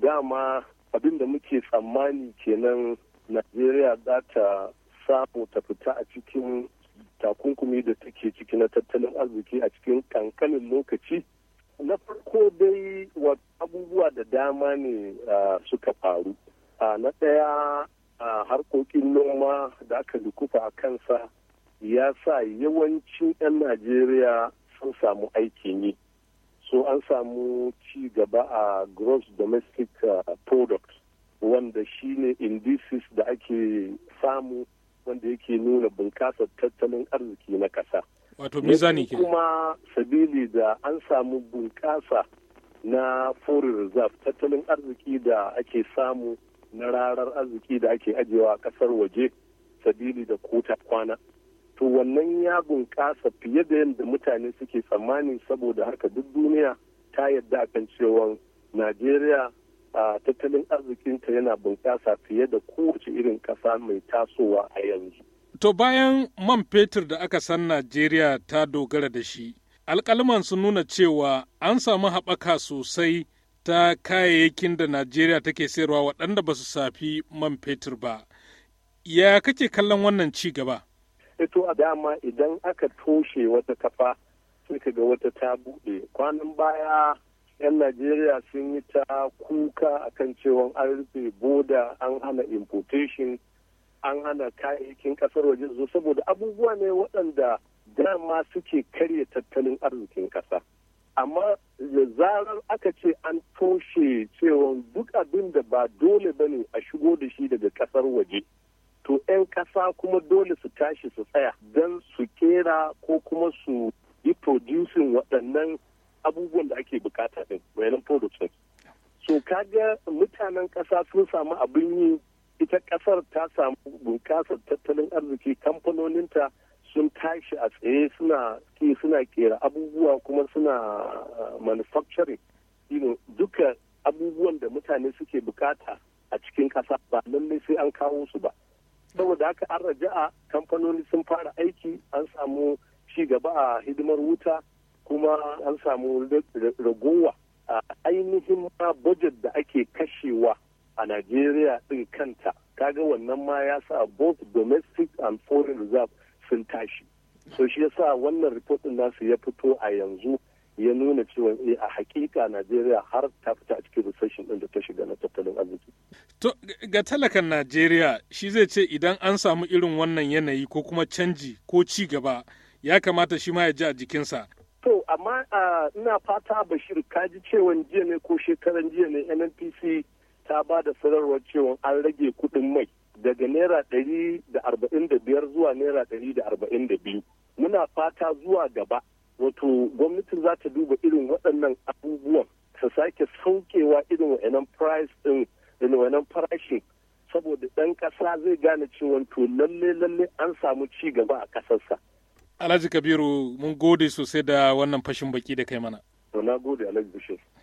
dama abinda muke tsammani kenan najeriya za ta samu ta fita a cikin takunkumi da take ciki na tattalin arziki a cikin kankanin lokaci na farko dai abubuwa da dama ne suka faru na ɗaya harkokin noma da aka dukufa a kansa ya sa yawancin 'yan najeriya sun samu aikin yi so an samu ci gaba a gross domestic uh, product wanda shine indices da ake samu wanda yake nuna bunƙasar tattalin arziki na ƙasa. Wato mizani ke. Kuma sabili da an samu bunƙasa na foreign reserve tattalin arziki da ake samu na rarar arziki da ake ajiyewa a ƙasar waje sabili da kota kwana. to wannan ya bunƙasa fiye da yadda mutane suke tsammani saboda haka duk duniya ta yadda kan cewa najeriya a tattalin arzikinta yana bunƙasa fiye da kowace irin ƙasa mai tasowa a yanzu to bayan man fetur da aka san najeriya ta dogara da shi alƙalman sun nuna cewa an samu haɓaka sosai ta kayayyakin da najeriya take sayarwa waɗanda ba su safi man fetur ba ya kake kallon wannan ci gaba sai to a dama idan aka toshe wata kafa sai ka ga wata ta buɗe kwanan baya 'yan najeriya sun yi ta kuka akan cewa an rufe boda an hana importation an hana kayayyakin kasar waje zo saboda abubuwa ne waɗanda dama suke karya tattalin arzikin ƙasa amma da zarar aka ce an toshe cewa duk abin da ba dole bane a shigo da shi daga ƙasar waje to 'yan ƙasa kuma dole su tashi su tsaya don su kera ko kuma su yi producing waɗannan abubuwan da ake bukata ɗin wayanin products so kaga mutanen ƙasa sun samu abin yi ita ƙasar ta samu bunkasar tattalin arziki kamfanoninta sun tashi a tsaye suna suna kera abubuwa kuma suna uh, manufacturing duka abubuwan da mutane suke bukata a cikin ƙasa ba lallai sai an kawo su ba saboda haka an raja'a kamfanoni sun fara aiki an samu ci gaba a hidimar wuta kuma an samu ragowa a ainihin ma budget da ake kashewa a najeriya ɗin kanta kaga wannan ma ya sa both domestic and foreign reserve sun tashi so shi yasa wannan report nasu ya fito a yanzu ya nuna cewa eh, a hakika Najeriya har ta fita a cikin recession ɗin da ta shiga na tattalin arziki. To ga talakan Najeriya shi zai ce idan an samu irin wannan yanayi ko kuma canji ko ci gaba ya kamata shi ma ya ji a jikinsa. To amma ina fata Bashir ka ji cewa jiya ne ko shekaran jiya ne NNPC ta ba da sanarwar cewa an rage kuɗin mai daga naira ɗari da arba'in da biyar zuwa naira ɗari da arba'in da biyu. Muna fata zuwa gaba wato gwamnatin za ta duba irin waɗannan abubuwan ta sake saukewa irin wa'annan price ɗin irin wa'annan farashin saboda ɗan ƙasa zai gane cewa to lalle lalle an samu ci gaba a ƙasarsa. Alhaji Kabiru mun gode sosai da wannan fashin baki da kai mana. To na gode Alhaji